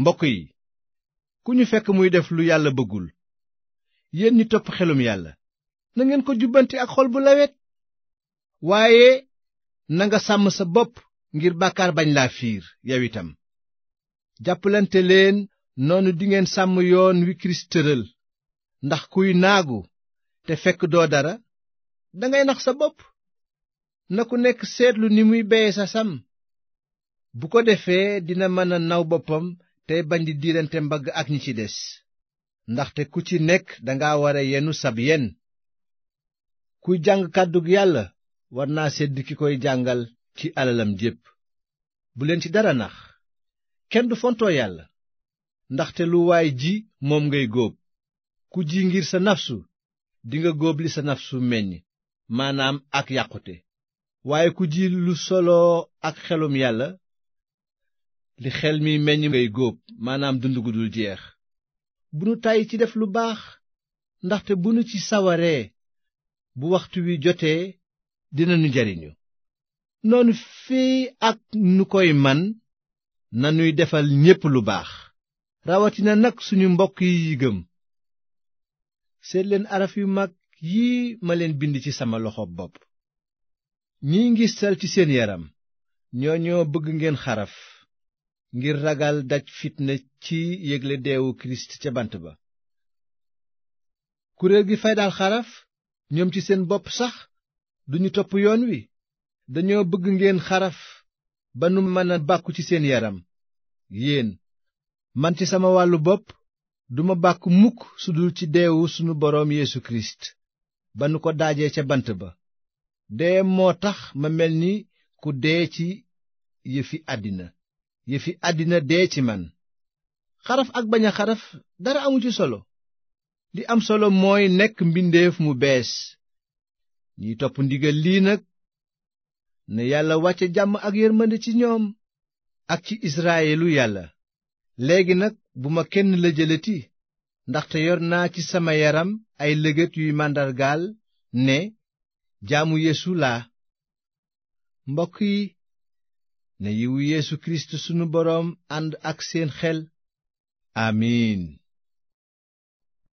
mbokk yi ku ñu fekk muy def lu yàlla bëggul yéen ñi topp xelum yàlla na ngeen ko jubbanti ak xol bu lawet waaye nanga sàmm sa bopp ngir bàkkaar bañ laa fiir yow itam jàppalante leen noonu dingeen sàmm yoon wi kirist tëral ndax kuy naagu te fekk doo dara dangay nax sa bopp na ku nekk seetlu ni muy beye sa sàmm bu ko defee dina mën a naw boppam tey bañ di diirante mbagg ak ñi ci des ndaxte ku ci nekk danga wara yenu sab yen kuy jàng kàddu yàlla war naa sedd ki koy jàngal ci alalam jépp bu leen ci dara nax kenn du fontoo yàlla ndaxte lu waay ji moom ngay góob ku ji ngir sa nafsu dinga góob li sa nafsu meññ maanaam ak yàqute waaye ku ji lu soloo ak xelum yàlla li xel mi meññ ngay góob maanaam dund gu dul jeex bu nu tàyyi ci def lu baax ndaxte bu nu ci sawaree bu waxtu wi jotee dinañu jariñu noonu fii ak nu koy man nanuy defal ñépp lu baax rawatina nag suñu mbokk yi gëm seet araf yu mag yii ma leen bind ci sama loxo bopp ñi ngi sal ci seen yaram ñoo ñoo bëgg ngeen xaraf ngir ragal daj fitna ci yégle deewu ca bant ba kuréel gi faydaal xaraf ñoom ci seen bopp sax duñu topp yoon wi dañoo bëgg ngeen xaraf ba nu mën bàkku ci seen yaram yéen man ci sama wàllu bopp duma bàkku mukk su dul ci deewu sunu boroom Yeesu kirist ba nu ko daajee ca bant ba dee moo tax ma mel ni ku dee ci yëfi àddina yëfi àddina dee ci man xaraf ak bañ a xaraf dara amu ci solo li am solo mooy nekk mbindeef mu bees ñiy topp ndigal lii nag ne yàlla wàcce jàmm ak yërmande ci ñoom ak ci israyelu yàlla léegi nag bu ma kenn la jëlati ndaxte yor naa ci sama yaram ay lëgët yuy màndargaal ne jaamu yéesu laa na yiwu Yeesu Kirist sunu boroom ànd ak seen xel amiin